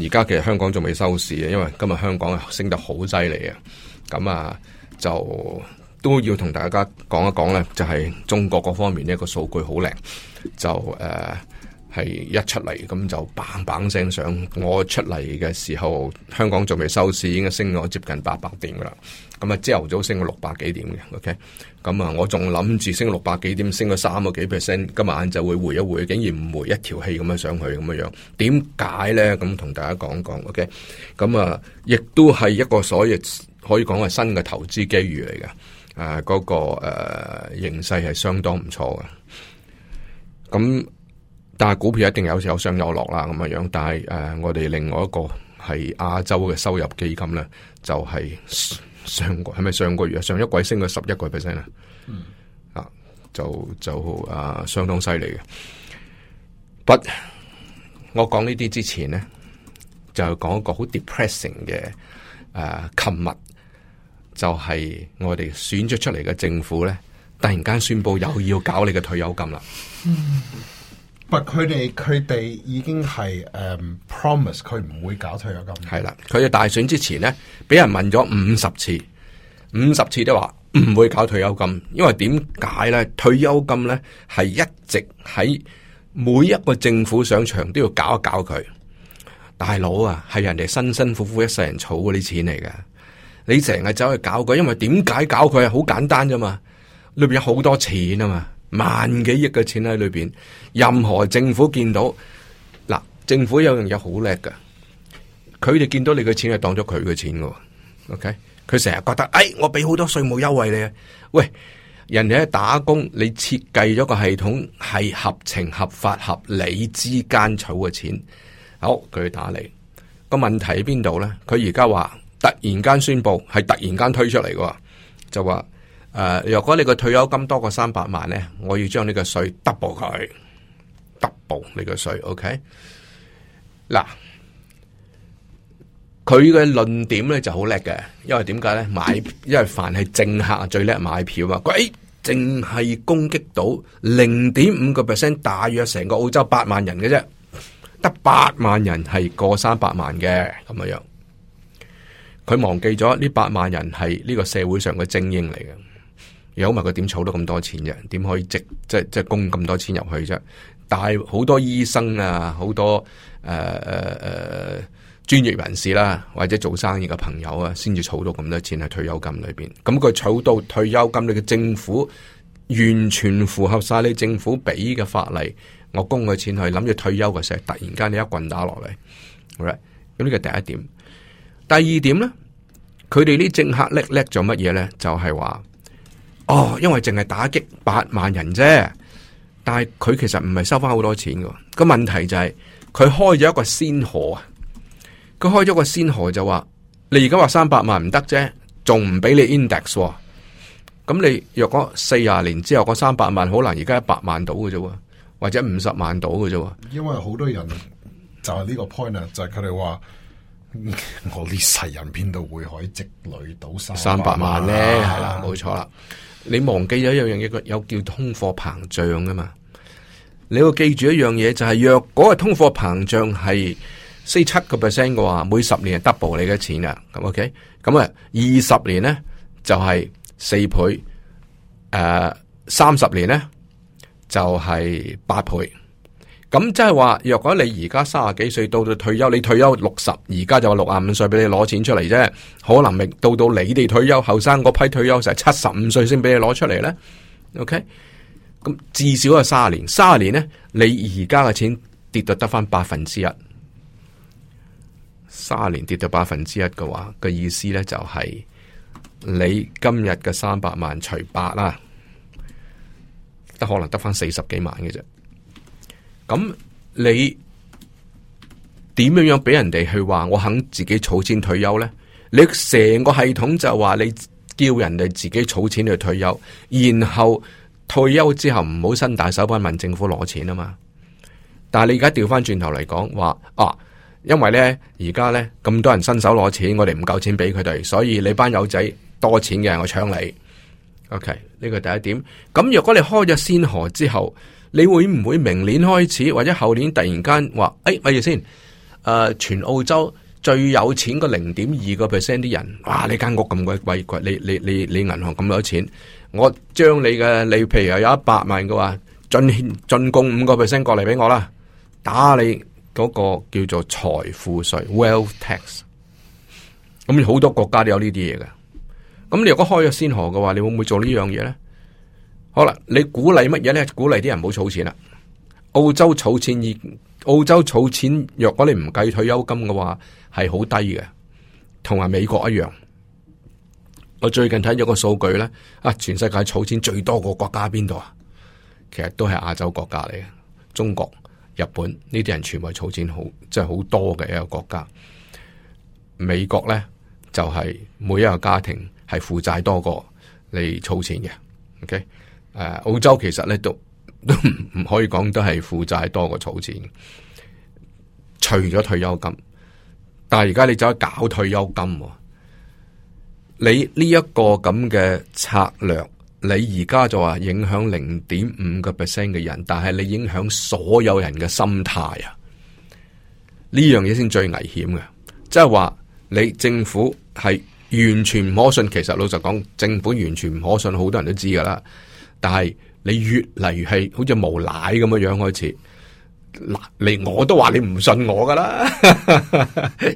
而家其實香港仲未收市嘅，因為今日香港升得好犀利啊！咁啊，就都要同大家講一講咧，就係中國各方面呢個數據好靚，就誒、啊。係一出嚟咁就砰砰聲上，我出嚟嘅時候，香港仲未收市，已經升咗接近八百點噶啦。咁啊，朝頭早升咗六百幾點嘅，OK。咁啊，我仲諗住升六百幾點，升咗三個幾 percent，今晚就會回一回，竟然唔回一條氣咁樣上去咁樣樣。點解咧？咁同大家講講，OK。咁啊，亦都係一個所謂可以講係新嘅投資機遇嚟嘅。誒、那個，嗰個誒形勢係相當唔錯嘅。咁。但係股票一定有時有上有落啦咁嘅樣，但係誒、呃，我哋另外一個係亞洲嘅收入基金咧，就係、是、上係咪上個月上一季升咗十一個 percent 啊，就就啊、呃、相當犀利嘅。But 我講呢啲之前咧，就係講一個好 depressing 嘅誒，琴、呃、日，就係、是、我哋選咗出嚟嘅政府咧，突然間宣布又要搞你嘅退休金啦。嗯佢哋佢哋已經係誒、um, promise 佢唔會搞退休金。係啦，佢哋大選之前呢，俾人問咗五十次，五十次都話唔會搞退休金。因為點解呢？退休金呢，係一直喺每一個政府上場都要搞一搞佢。大佬啊，係人哋辛辛苦苦一世人儲嗰啲錢嚟㗎，你成日走去搞佢，因為點解搞佢啊？好簡單啫嘛，裏邊有好多錢啊嘛。萬幾億嘅錢喺裏邊，任何政府見到，嗱，政府有樣嘢好叻㗎，佢哋見到你嘅錢係當咗佢嘅錢嘅，OK，佢成日覺得，誒、哎，我俾好多稅務優惠你，喂，人哋喺打工，你設計咗個系統係合情、合法、合理之間儲嘅錢，好，佢打你。個問題喺邊度咧？佢而家話突然間宣布，係突然間推出嚟嘅，就話。誒，若、uh, 果你個退休金多過三百萬呢，我要將呢個稅 double 佢，double 你個稅。OK，嗱，佢嘅論點呢就好叻嘅，因為點解呢？買？因為凡係政客最叻買票啊！佢淨係攻擊到零點五個 percent，大約成個澳洲八萬人嘅啫，得八萬人係過三百萬嘅咁樣樣。佢忘記咗呢八萬人係呢個社會上嘅精英嚟嘅。有埋佢點儲到咁多錢啫？點可以即係即係供咁多錢入去啫？但係好多醫生啊，好多誒誒誒專業人士啦，啊，或者做生意嘅朋友啊，先至儲到咁多錢喺退休金裏邊。咁佢儲到退休金，你嘅政府完全符合晒你政府俾嘅法例，我供佢錢去諗住退休嘅時候，突然間你一棍打落嚟，好啦，咁呢個第一點。第二點咧，佢哋啲政客叻叻咗乜嘢咧？就係話。哦，因為淨係打擊八萬人啫，但係佢其實唔係收翻好多錢噶。個問題就係佢開咗一個先河啊，佢開咗個先河就話，你而家話三百萬唔得啫，仲唔俾你 index？咁、哦、你若果四十年之後個三百萬，可能而家一百萬到嘅啫，或者五十萬到嘅啫。因為好多人就係呢個 point 就係佢哋話我呢世人邊度會可以積累到三三百萬咧？係、啊、啦，冇錯啦。啊啊你忘記咗一樣嘢個，有叫通貨膨脹㗎嘛？你要記住一樣嘢就係、是，若果個通貨膨脹係四七個 percent 嘅話，每十年係 double 你嘅錢啊。咁 OK，咁啊二十年咧就係、是、四倍，誒三十年咧就係、是、八倍。咁即係話，若果你而家三十幾歲到到退休，你退休六十，而家就六十五歲俾你攞錢出嚟啫。可能明到到你哋退休後生嗰批退休時係七十五歲先俾你攞出嚟咧。OK，咁至少係卅年，卅年咧，你而家嘅錢跌到得翻百分之一，卅年跌到百分之一嘅話，嘅、那個、意思咧就係、是、你今日嘅三百萬除八啦，得可能得翻四十幾萬嘅啫。咁你點樣樣俾人哋去話我肯自己儲錢退休呢？你成個系統就話你叫人哋自己儲錢去退休，然後退休之後唔好伸大手板問政府攞錢啊嘛！但係你而家調翻轉頭嚟講話啊，因為呢而家呢咁多人伸手攞錢，我哋唔夠錢俾佢哋，所以你班友仔多錢嘅，我搶你。OK，呢個第一點。咁若果你開咗先河之後。你會唔會明年開始或者後年突然間話誒，咪住先？誒、呃，全澳洲最有錢個零點二個 percent 啲人，哇！你間屋咁鬼貴貴，你你你你銀行咁多錢，我將你嘅你，譬如有一百萬嘅話，進進貢五個 percent 過嚟俾我啦，打你嗰個叫做財富稅 （wealth tax）、嗯。咁好多國家都有呢啲嘢嘅。咁、嗯、你如果開咗先河嘅話，你會唔會做樣呢樣嘢咧？好啦，你鼓勵乜嘢咧？鼓勵啲人唔好儲錢啦、啊。澳洲儲錢以澳洲儲錢，若果你唔計退休金嘅話，係好低嘅，同埋美國一樣。我最近睇咗個數據咧，啊，全世界儲錢最多嘅國家邊度啊？其實都係亞洲國家嚟嘅，中國、日本呢啲人全部係儲錢好，即係好多嘅一個國家。美國咧就係、是、每一個家庭係負債多過你儲錢嘅。OK。Uh, 澳洲其實咧都都唔可以講都係負債多過儲錢，除咗退休金，但係而家你走去搞退休金，你呢一個咁嘅策略，你而家就話影響零點五個 percent 嘅人，但係你影響所有人嘅心態啊！呢樣嘢先最危險嘅，即係話你政府係完全唔可信。其實老實講，政府完全唔可信，好多人都知噶啦。但係你越嚟越係好似無賴咁嘅樣開始，嗱你我都話你唔信我噶啦，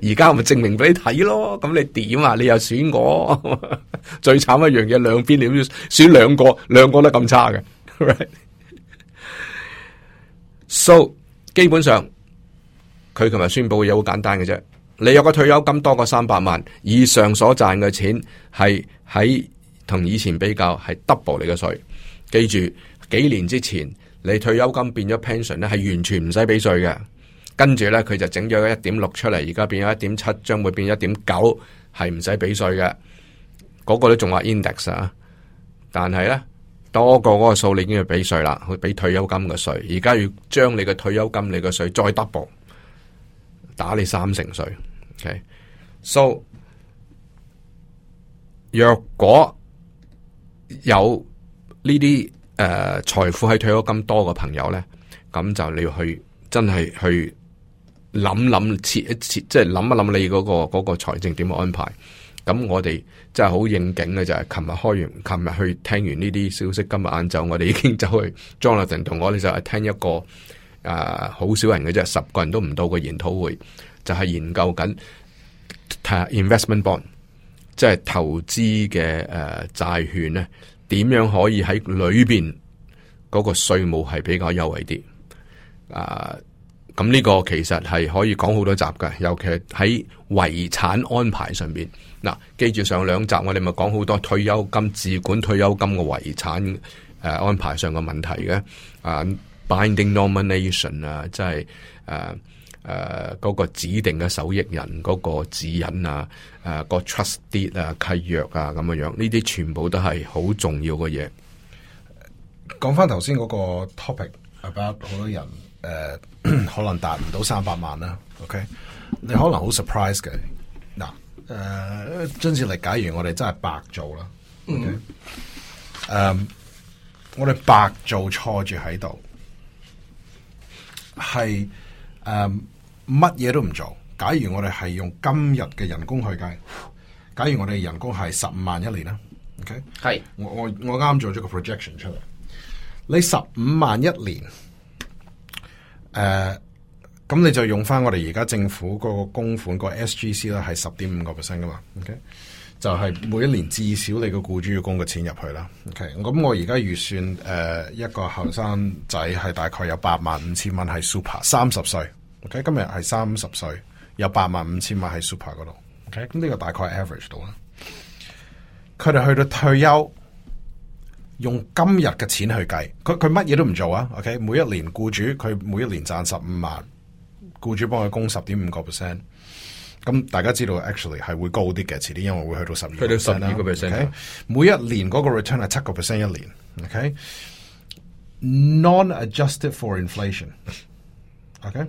而 家我咪證明俾你睇咯。咁你點啊？你又選我， 最慘一樣嘢，兩邊你要選兩個，兩個都咁差嘅。Right? So 基本上佢琴日宣佈嘅嘢好簡單嘅啫，你有個退休金多過三百萬，以上所賺嘅錢係喺同以前比較係 double 你嘅稅。記住，幾年之前你退休金變咗 pension 咧，係完全唔使俾稅嘅。跟住咧，佢就整咗一點六出嚟，而家變咗一點七，將會變一點九，係唔使俾稅嘅。嗰個都仲話 index 啊，但係咧多過嗰個數，你已經要俾稅啦，去俾退休金嘅稅。而家要將你嘅退休金，你嘅稅再 double，打你三成稅。OK，so okay? 若果有。呢啲誒財富喺退休金多嘅朋友咧，咁就你要去真係去諗諗，切一切，即係諗一諗你嗰、那個嗰、那個、財政點樣安排。咁我哋真係好應景嘅就係，琴日開完，琴日去聽完呢啲消息，今日晏晝我哋已經走去 Jonathan 同我哋就係聽一個誒好少人嘅啫，十個人都唔到嘅研討會，就係、是、研究緊 investment bond，即係投資嘅誒、呃、債券咧。點樣可以喺裏邊嗰個稅務係比較優惠啲？啊，咁呢個其實係可以講好多集嘅，尤其係喺遺產安排上邊。嗱，記住上兩集我哋咪講好多退休金自管退休金嘅遺產誒、啊、安排上嘅問題嘅啊，Binding nomination 啊，即係誒。啊誒，嗰、uh, 個指定嘅受益人嗰、那個指引啊，誒、啊，個 trust deed 啊，契約啊，咁樣樣，呢啲全部都係好重要嘅嘢。講翻頭先嗰個 topic，about 好多人誒，可能達唔到三百萬啦。OK，mm hmm. 你可能好 surprise 嘅。嗱，誒、uh，張志力，假如我哋真係白做啦誒，okay? mm hmm. um, 我哋白做錯住喺度，係誒。Um, 乜嘢都唔做。假如我哋係用今日嘅人工去計，假如我哋人工係十五萬一年啦，OK，係我我我啱做咗個 projection 出嚟。你十五萬一年，誒、okay? 是，咁你、呃、你就用翻我哋而家政府個供款，個 SGC 啦，係十點五個 percent 噶嘛，OK，就係每一年至少你個僱主要供個錢入去啦，OK。咁我而家預算誒一個後生仔係大概有八萬五千蚊係 super，三十歲。Ok，今日係三十歲，有八萬五千萬喺 Super 嗰度。OK，咁呢、嗯這個大概 average 到啦。佢哋去到退休，用今日嘅錢去計，佢佢乜嘢都唔做啊。OK，每一年雇主佢每一年賺十五萬，雇主幫佢供十點五個 percent。咁、嗯、大家知道 actually 係會高啲嘅，遲啲因為會去到十二。去到十二個 percent，每一年嗰個 return 係七個 percent 一年。OK，non-adjusted、okay? for inflation。OK。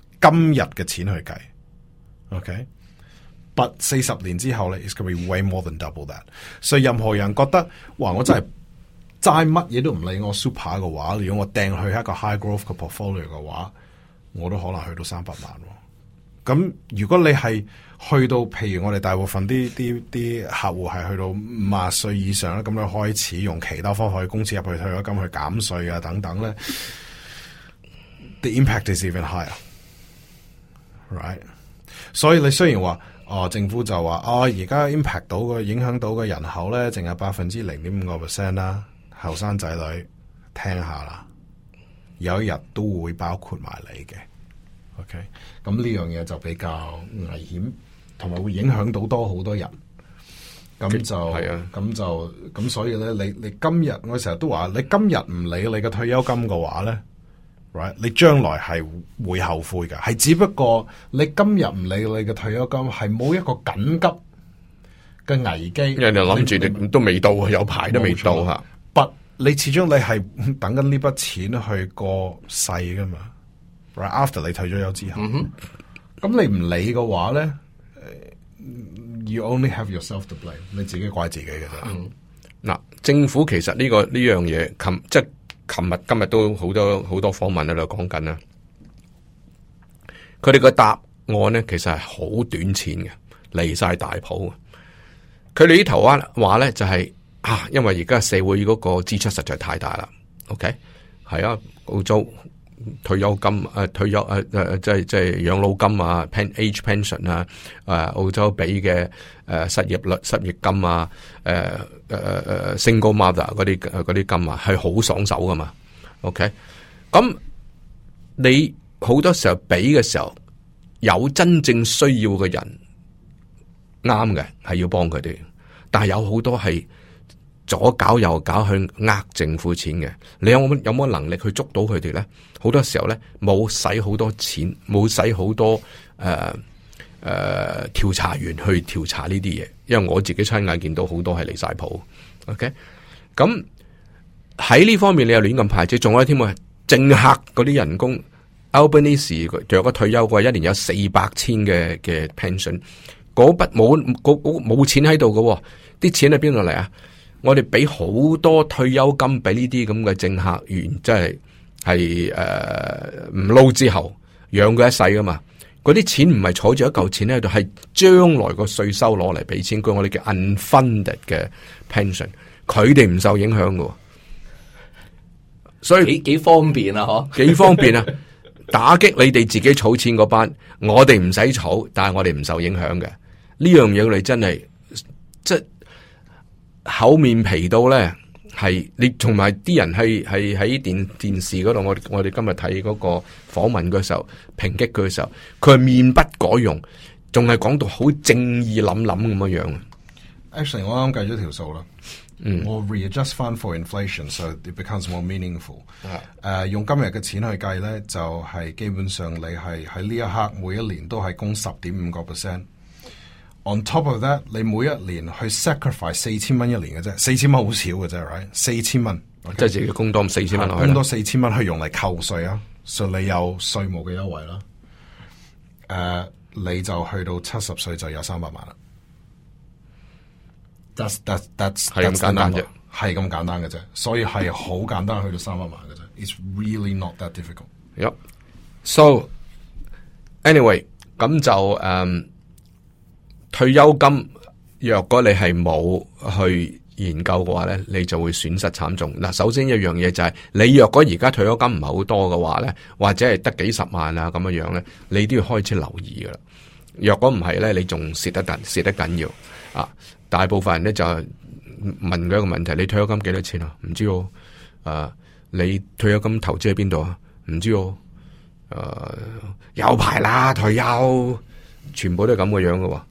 今日嘅錢去計，OK？But、okay? 四十年之後咧，is going to be way more than double that。所以任何人覺得嘩，我真係齋乜嘢都唔理我 super 嘅話，如果我掟去一個 high growth 嘅 portfolio 嘅話，我都可能去到三百萬、哦。咁、嗯、如果你係去到譬如我哋大部分啲啲啲客戶係去到五十歲以上咧，咁你開始用其他方法去公司入去退休金去減稅啊等等咧 ，the impact is even higher。right，所以你雖然話哦政府就話哦而家 impact 到個影響到嘅人口咧，淨係百分之零點五個 percent 啦，後生仔女聽下啦，有一日都會包括埋你嘅，OK，咁呢樣嘢就比較危險，同埋會影響到多好多人，咁就係啊，咁那就咁的所以咧，你你今日我成日都話，你今日唔理你嘅退休金嘅話咧。Right? 你將來係會後悔嘅，係只不過你今日唔理你嘅退休金，係冇一個緊急嘅危機。因為你諗住你都未到，你有排都未到吓。不錯，啊、But, 你始終你係等緊呢筆錢去過世噶嘛？Right after 你退咗休之後，咁、嗯、哼你唔理嘅話咧，You only have yourself to blame，你自己怪自己嘅。嗱、嗯，政府其實呢、這個呢樣嘢，近、這個、即係。琴日今日都好多好多訪問喺度講緊啦，佢哋個答案咧其實係好短淺嘅，離晒大譜。佢哋呢頭話咧就係、是、啊，因為而家社會嗰個支出實在太大啦。OK，係啊，澳洲。退休金誒、呃，退休誒誒、呃，即係即係養老金啊，age p pension 啊、呃，誒，澳洲俾嘅誒失業率失業金啊，誒誒誒，single mother 嗰啲啲金啊，係好爽手噶嘛？OK，咁你好多時候俾嘅時候，有真正需要嘅人啱嘅，係要幫佢哋，但係有好多係。左搞右搞去呃政府錢嘅，你有冇有冇能力去捉到佢哋咧？好多時候咧，冇使好多錢，冇使好多誒誒調查員去調查呢啲嘢，因為我自己親眼見到好多係離晒譜。OK，咁喺呢方面你又亂咁排，仲有一添啊！政客嗰啲人工，Albanese 仲有個退休嘅，一年有四百千嘅嘅 pension，嗰筆冇嗰冇錢喺度嘅，啲錢喺邊度嚟啊？我哋俾好多退休金俾呢啲咁嘅政客員，即係係誒唔撈之後養佢一世噶嘛？嗰啲錢唔係儲住一嚿錢喺度，係將來個稅收攞嚟俾錢，佢我哋叫 unfunded 嘅 pension，佢哋唔受影響噶。所以幾幾方便啊！嗬，幾方便啊！便啊 打擊你哋自己儲錢嗰班，我哋唔使儲，但係我哋唔受影響嘅。呢樣嘢你真係即。厚面皮到咧，係你同埋啲人係係喺電電視嗰度，我我哋今日睇嗰個訪問嘅時候，抨擊佢嘅時候，佢係面不改容，仲係講到好正義諗諗咁樣樣。Actually 我啱啱計咗條數啦，嗯、mm.，我 re-adjust f 翻 for inflation，so it becomes more meaningful。誒，用今日嘅錢去計咧，就係、是、基本上你係喺呢一刻每一年都係供十點五個 percent。On top of that，你每一年去 sacrifice 四千蚊一年嘅啫，四千蚊好少嘅啫，right？四千蚊，okay? 即係自己嘅供多四千蚊落去，供多四千蚊去用嚟扣稅啊，所、so、以你有稅務嘅優惠啦、啊。誒、uh,，你就去到七十歲就有三百萬啦。咁簡單嘅，係咁簡單嘅啫。所以係好簡單去到三百萬嘅啫。It's really not that difficult。Yup。So anyway，咁就誒。Um, 退休金，若果你係冇去研究嘅話咧，你就會損失慘重。嗱，首先一樣嘢就係、是，你若果而家退休金唔係好多嘅話咧，或者係得幾十萬啊，咁嘅樣咧，你都要開始留意噶啦。若果唔係咧，你仲蝕得緊，蝕得緊要啊！大部分人咧就問佢一個問題：你退休金幾多錢啊？唔知喎誒、啊啊，你退休金投資喺邊度啊？唔知喎誒、啊啊，有排啦，退休，全部都係咁嘅樣嘅喎。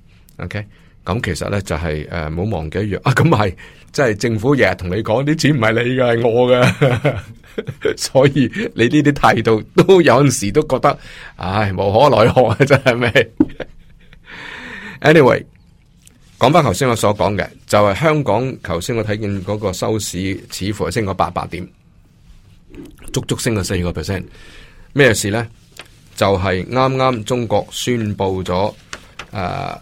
OK，咁其實咧就係誒，唔好忘記一樣啊。咁係，即係政府日日同你講啲錢唔係你嘅，係我嘅，所以你呢啲態度都有陣時都覺得，唉，無可奈何啊，真係咪？Anyway，講翻頭先我所講嘅，就係香港頭先我睇見嗰個收市，似乎係升咗八百點，足足升咗四個 percent。咩事咧？就係啱啱中國宣布咗誒。呃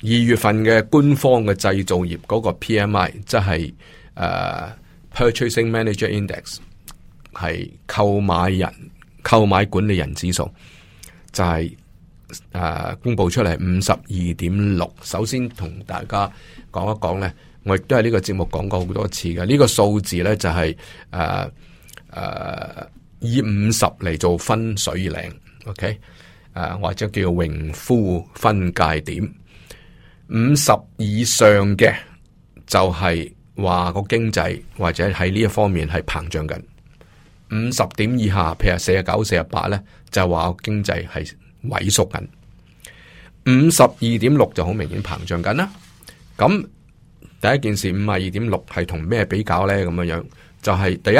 二月份嘅官方嘅製造業嗰個 PMI，即係誒、uh, Purchasing Manager Index，係購買人購買管理人指數就係、是、誒、uh, 公布出嚟五十二點六。首先同大家講一講咧，我亦都係呢個節目講過好多次嘅。這個、呢個數字咧就係誒誒以五十嚟做分水嶺，OK？誒或者叫榮枯分界點。五十以上嘅就係話個經濟或者喺呢一方面係膨脹緊，五十點以下譬如四十九、四十八咧，就話個經濟係萎縮緊。五十二點六就好明顯膨脹緊啦。咁第一件事，五十二點六係同咩比較咧？咁樣樣就係第一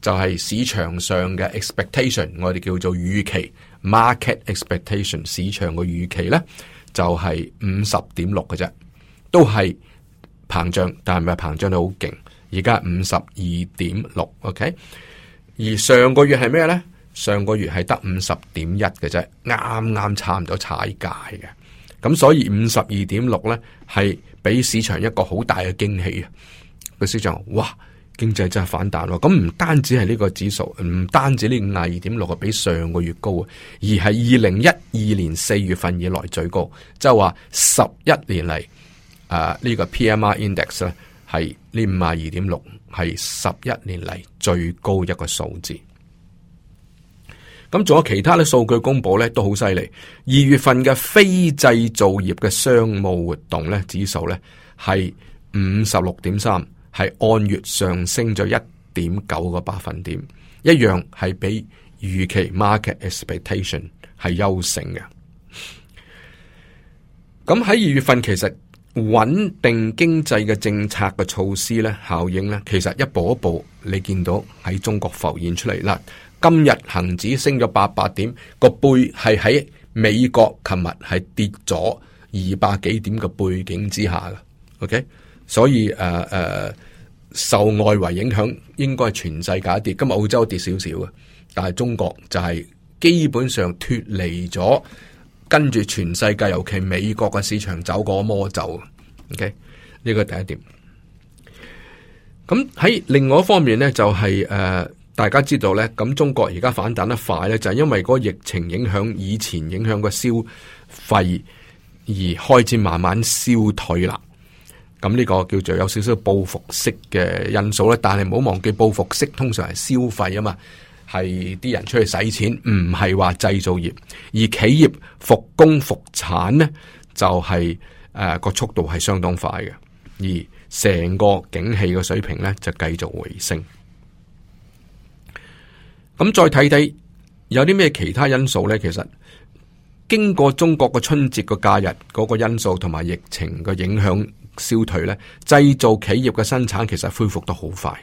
就係市場上嘅 expectation，我哋叫做預期 market expectation，市場嘅預期咧。就係五十點六嘅啫，都係膨脹，但係唔係膨脹得好勁。而家五十二點六，OK。而上個月係咩呢？上個月係得五十點一嘅啫，啱啱差唔多踩界嘅。咁所以五十二點六呢，係俾市場一個好大嘅驚喜啊！個市場哇～經濟真係反彈咯，咁唔單止係呢個指數，唔單止呢五十二點六係比上個月高，而係二零一二年四月份以來最高，即係話十一年嚟，誒、啊這個、呢個 PMI index 咧係呢五十二點六係十一年嚟最高一個數字。咁仲有其他嘅數據公布咧都好犀利，二月份嘅非製造業嘅商務活動咧指數咧係五十六點三。係按月上升咗一點九個百分點，一樣係比預期 market expectation 係優勝嘅。咁喺二月份，其實穩定經濟嘅政策嘅措施咧，效應咧，其實一步一步你見到喺中國浮現出嚟啦。今日恒指升咗八百點，個背係喺美國琴日係跌咗二百幾點嘅背景之下嘅。OK，所以誒誒。Uh, uh, 受外圍影響，應該係全世界跌。今日澳洲跌少少嘅，但係中國就係基本上脫離咗跟住全世界，尤其美國嘅市場走個魔咒。OK，呢個第一點。咁喺另外一方面咧，就係、是、誒、呃，大家知道咧，咁中國而家反彈得快咧，就係、是、因為嗰個疫情影響，以前影響個消費而開始慢慢消退啦。咁呢個叫做有少少報復式嘅因素咧，但係唔好忘記報復式通常係消費啊嘛，係啲人出去使錢，唔係話製造業。而企業復工復產呢，就係誒個速度係相當快嘅，而成個景氣嘅水平呢，就繼續回升。咁再睇睇有啲咩其他因素呢？其實經過中國個春節個假日嗰個因素同埋疫情嘅影響。消退呢，製造企業嘅生產其實恢復得好快，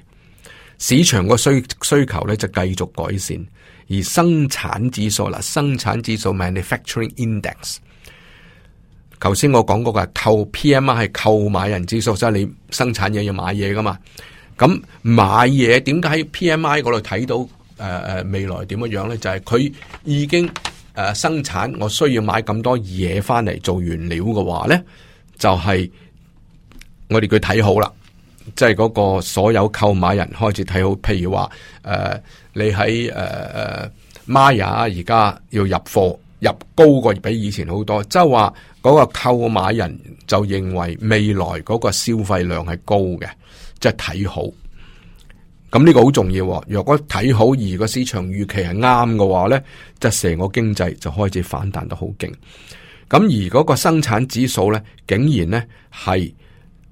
市場嘅需需求呢就繼續改善，而生產指數啦，生產指數 manufacturing index，頭先我講過噶，購 P M I 係購買人指數，即係你生產嘢要買嘢噶嘛，咁買嘢點解喺 P M I 嗰度睇到誒誒、呃、未來點樣樣呢？就係、是、佢已經誒、呃、生產，我需要買咁多嘢翻嚟做原料嘅話呢，就係、是。我哋佢睇好啦，即係嗰個所有購買人開始睇好，譬如話誒、呃，你喺誒誒，Maya 而家要入貨入高過，比以前好多，即係話嗰個購買人就認為未來嗰個消費量係高嘅，即係睇好。咁呢個好重要。若果睇好而個市場預期係啱嘅話咧，即係成個經濟就開始反彈得好勁。咁而嗰個生產指數咧，竟然咧係。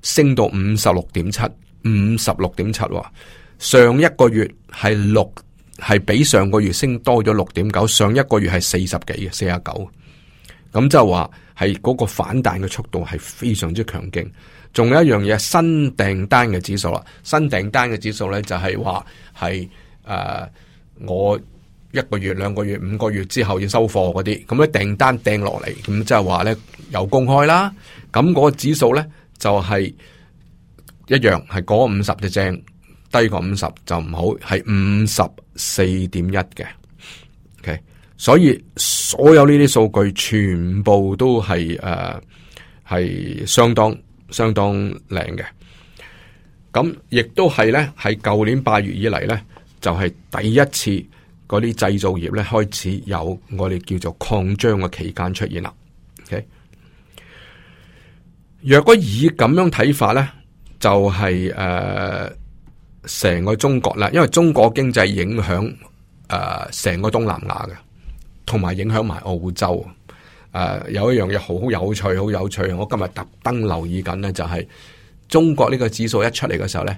升到五十六點七，五十六點七喎。上一個月係六，係比上個月升多咗六點九。上一個月係四十幾嘅，四十九。咁就話係嗰個反彈嘅速度係非常之強勁。仲有一樣嘢，新訂單嘅指數啦，新訂單嘅指數呢，就係話係誒，我一個月、兩個月、五個月之後要收貨嗰啲，咁咧訂單訂落嚟，咁即係話呢，有公開啦，咁嗰個指數呢。就係一樣，係過五十就正，低過五十就唔好，係五十四點一嘅。OK，所以所有呢啲數據全部都係誒係相當相當靚嘅。咁亦都係咧，係舊年八月以嚟咧，就係第一次嗰啲製造業咧開始有我哋叫做擴張嘅期間出現啦。OK。若果以咁樣睇法呢，就係誒成個中國啦，因為中國經濟影響誒成個東南亞嘅，同埋影響埋澳洲誒、呃，有一樣嘢好有趣，好有趣，我今日特登留意緊呢，就係、是、中國呢個指數一出嚟嘅時候呢，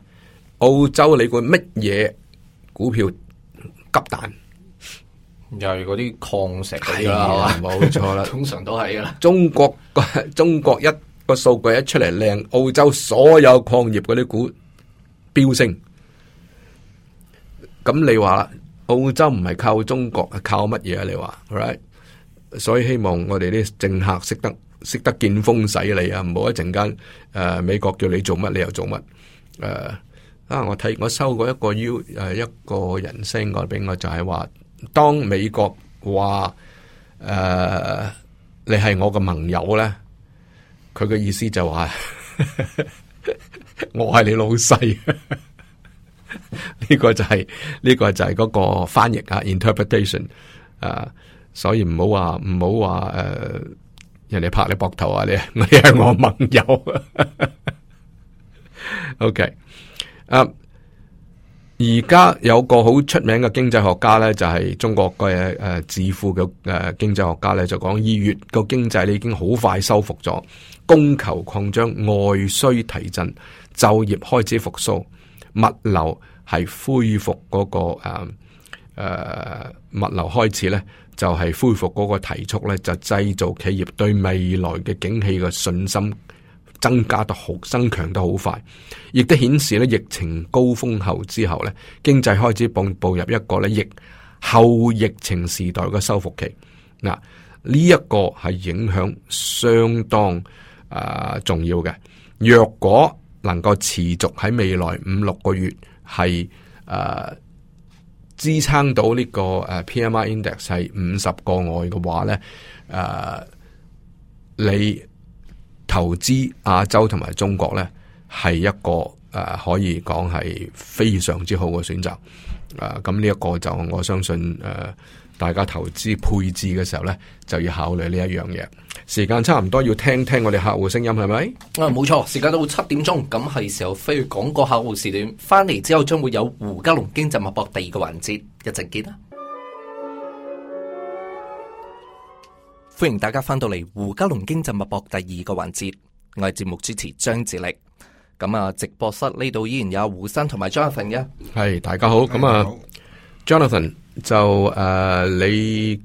澳洲你估乜嘢股票急彈？就係嗰啲礦石係冇錯啦，的 通常都係噶啦。中國中國一個數據一出嚟，靚，澳洲所有礦業嗰啲股飆升。咁你話啦，澳洲唔係靠中國，係靠乜嘢？啊？你話，Alright? 所以希望我哋啲政客識得識得見風使舵啊！唔好一陣間誒，美國叫你做乜你又做乜誒？啊！我睇我收過一個 U 誒一個人聲過俾我，就係、是、話當美國話誒、啊、你係我嘅盟友咧。佢嘅意思就話， 我係你老細，呢個就係、是、呢、這個就係嗰個翻譯啊，interpretation，誒、啊，所以唔好話唔好話誒，人哋拍你膊頭啊，你你係我盟友、啊。 OK，啊，而家有個好出名嘅經濟學家咧，就係、是、中國嘅誒智庫嘅誒經濟學家咧，就講二月個經濟你已經好快修復咗。供求擴張、外需提振、就業開始復甦、物流係恢復嗰、那個誒誒、啊啊，物流開始呢，就係、是、恢復嗰個提速呢，就製造企業對未來嘅景氣嘅信心增加得好增強得好快，亦都顯示呢疫情高峰後之後呢，經濟開始步入一個呢疫後疫情時代嘅修復期。嗱，呢、這、一個係影響相當。啊，重要嘅。若果能夠持續喺未來五六個月係啊支撐到呢個誒 PMI Index 係五十個外嘅話咧，誒、啊，你投資亞洲同埋中國咧係一個。誒、啊，可以講係非常之好嘅選擇。誒、啊，咁呢一個就我相信，誒、啊，大家投資配置嘅時候呢，就要考慮呢一樣嘢。時間差唔多，要聽聽我哋客戶聲音，係咪？啊，冇錯，時間到七點鐘，咁係時候飛去講個客戶時段。翻嚟之後，將會有胡嘉龍經濟脈搏第二個環節，一陣見啦！歡迎大家翻到嚟胡嘉龍經濟脈搏第二個環節，我係節目主持張智力。咁啊，直播室呢度依然有胡生同埋 Jonathan 嘅。係大家好，咁啊，Jonathan 就誒，uh, 你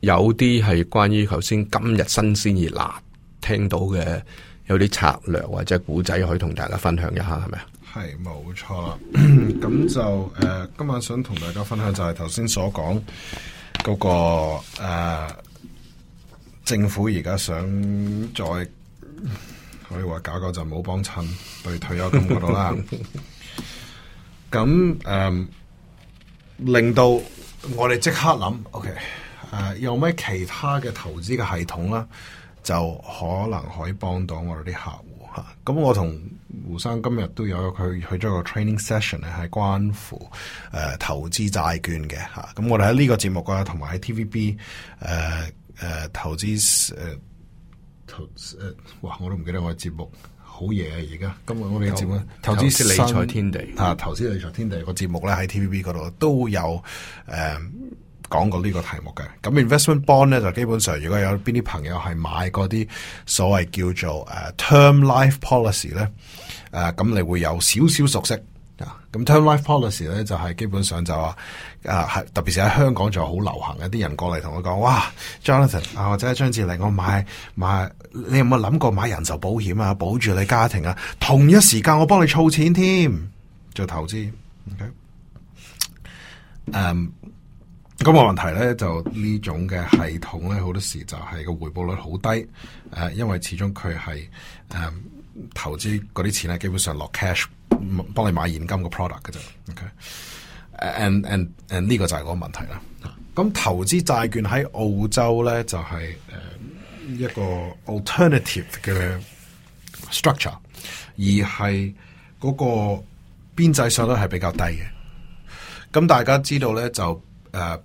有啲係關於頭先今日新鮮熱辣聽到嘅，有啲策略或者股仔可以同大家分享一下，係咪啊？係冇錯啦，咁 就誒，uh, 今晚想同大家分享就係頭先所講嗰、嗰個誒，uh, 政府而家想再。所以話搞搞就冇好幫襯，對退休金嗰度啦。咁誒、 um, 令到我哋即刻諗，OK 誒、uh, 有咩其他嘅投資嘅系統啦，就可能可以幫到我哋啲客戶嚇。咁 我同胡生今日都有佢去咗個 training session 咧，係關乎誒、uh, 投資債券嘅嚇。咁、uh, 我哋喺呢個節目呀同埋喺 TVB 誒誒投資誒。Uh, 誒，哇！我都唔記得我嘅節目好嘢啊！而家今日我哋嘅節目投，投資理財天地啊，投資理財天地個節目咧喺 TVB 嗰度都有誒、呃、講過呢個題目嘅。咁 Investment Bond 咧就基本上，如果有邊啲朋友係買嗰啲所謂叫做誒、呃、Term Life Policy 咧，誒、呃、咁你會有少少熟悉。咁、yeah. term life policy 咧就係、是、基本上就話啊係，特別是喺香港就好流行嘅，啲人過嚟同我講，哇，Jonathan 啊或者張智霖，我買買，你有冇諗過買人壽保險啊，保住你家庭啊，同一時間我幫你儲錢添、啊，做投資。誒，咁個問題咧就呢種嘅系統咧好多時就係個回報率好低，誒、啊，因為始終佢係誒投資嗰啲錢咧基本上落 cash。幫你買現金個 product 嘅啫，ok，and and and 呢個就係嗰個問題啦。咁投資債券喺澳洲咧就係誒一個 alternative 嘅 structure，而係嗰個邊際上都係比較低嘅。咁大家知道咧就誒。Uh,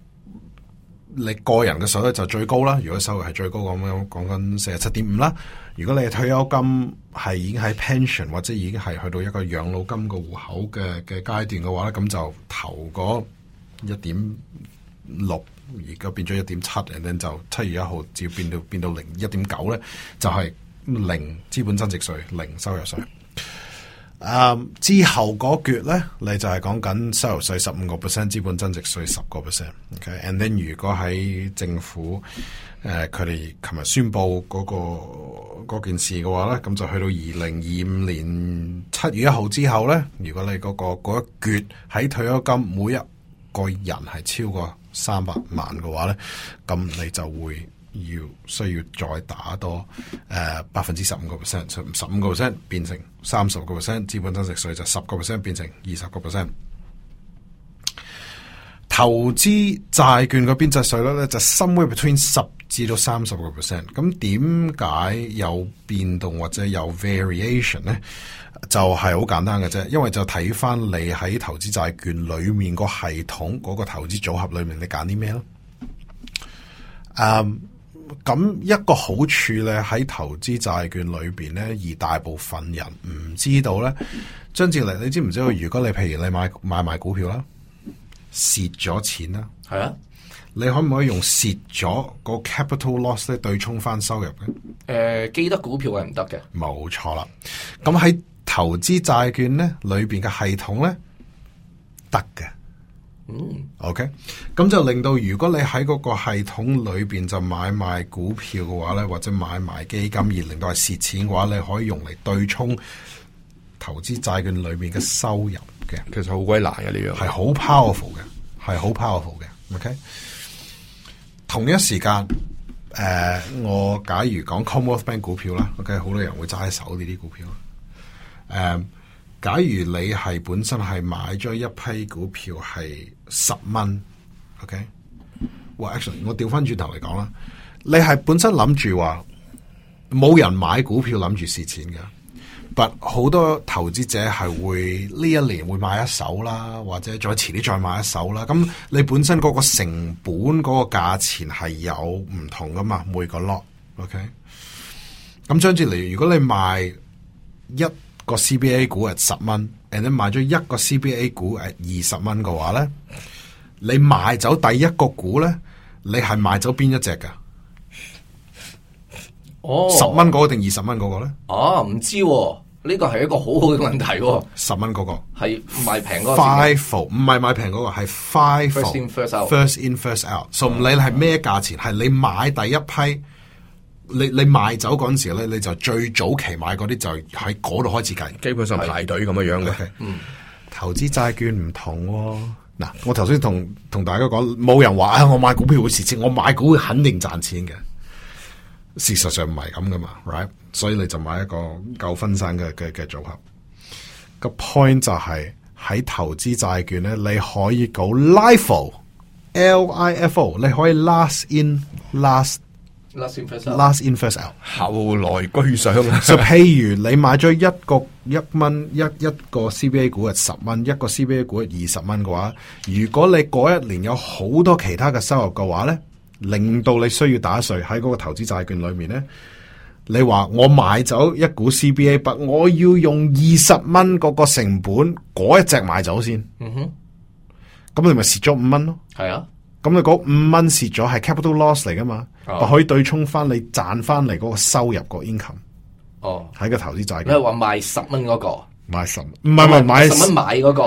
你個人嘅稅咧就最高啦，如果收入係最高咁樣講緊四十七點五啦。如果你係退休金係已經喺 pension 或者已經係去到一個養老金嘅戶口嘅嘅階段嘅話咧，咁就頭嗰一點六而家變咗一點七，and then 就七月一號只要變到變到零一點九咧，就係、是、零資本增值稅，零收入稅。嗯，um, 之後嗰橛咧，你就係講緊收入稅十五個 percent，資本增值稅十個 percent。OK，and、okay? then 如果喺政府誒佢哋琴日宣布嗰、那個件事嘅話咧，咁就去到二零二五年七月一號之後咧，如果你嗰、嗰個嗰一橛喺退休金每一個人係超過三百萬嘅話咧，咁你就會，要需要再打多誒百分之十五個 percent，十五個 percent 變成三十個 percent 資本增值稅就十個 percent 變成二十個 percent。投資債券嗰邊嘅稅率咧就 somewhere between 十至到三十個 percent。咁點解有變動或者有 variation 咧？就係好簡單嘅啫，因為就睇翻你喺投資債券裏面個系統嗰個投資組合裏面，你揀啲咩咯？嗯。咁一個好處咧喺投資債券裏邊咧，而大部分人唔知道咧。張志玲，你知唔知道？如果你譬如你賣買買賣股票啦，蝕咗錢啦，係啊，你可唔可以用蝕咗個 capital loss 咧對沖翻收入嘅？誒、呃，記得股票係唔得嘅，冇錯啦。咁喺投資債券咧裏邊嘅系統咧得嘅。嗯，OK，咁就令到如果你喺嗰個系統裏邊就買賣股票嘅話咧，或者買賣基金而令到係蝕錢嘅話，你可以用嚟對沖投資債券裏面嘅收入嘅。其實好鬼難嘅、啊、呢樣，係好 powerful 嘅，係好 powerful 嘅。OK，同一時間，誒、呃，我假如講 Commonwealth Bank 股票啦，OK，好多人會揸手呢啲股票，誒、呃。假如你係本身係買咗一批股票係十蚊，OK？Well, actually, 我 actually，我調翻轉頭嚟講啦，你係本身諗住話冇人買股票諗住蝕錢嘅，but，好多投資者係會呢一年會買一手啦，或者再遲啲再買一手啦。咁你本身嗰個成本嗰個價錢係有唔同噶嘛？每個 lock，OK？Okay? 咁相對嚟，如果你賣一。個 CBA 股係十蚊，and 你買咗一個 CBA 股係二十蚊嘅話咧，你買走第一個股咧，你係買走邊一隻噶？哦、oh,，十蚊嗰個定二十蚊嗰個咧？哦、啊，唔知呢個係一個好好嘅問題喎、啊。十蚊嗰個係買平嗰個 five，唔係買平嗰個係 five。first 4, in first out，唔 Okay.、so, 理係咩價錢，係你買第一批。你你賣走嗰陣時咧，你就最早期買嗰啲就喺嗰度開始計，基本上排隊咁樣對樣嘅。Okay. 嗯，投資債券唔同嗱、哦，我頭先同同大家講，冇人話啊、哎，我買股票會蝕錢，我買股會肯定賺錢嘅。事實上唔係咁噶嘛，right？所以你就買一個夠分散嘅嘅嘅組合。個 point 就係喺投資債券咧，你可以 go LIFO，L I F O，你可以 last in last。last investment，後來居上。 so, 譬如你買咗一個一蚊一一個 CBA 股係十蚊，一個 CBA 股係二十蚊嘅話，如果你嗰一年有好多其他嘅收入嘅話呢，令到你需要打稅喺嗰個投資債券裏面呢。你話我買走一股 CBA 但、mm，hmm. 我，BA, 我要用二十蚊嗰個成本嗰一隻買走先，嗯哼、mm，咁、hmm. 你咪蝕咗五蚊咯，係啊。咁你嗰五蚊蝕咗係 capital loss 嚟噶嘛？就可以對沖翻你賺翻嚟嗰個收入個 income？哦，喺個投資債券。你話賣十蚊嗰個？賣十？唔係唔係買十蚊買嗰個？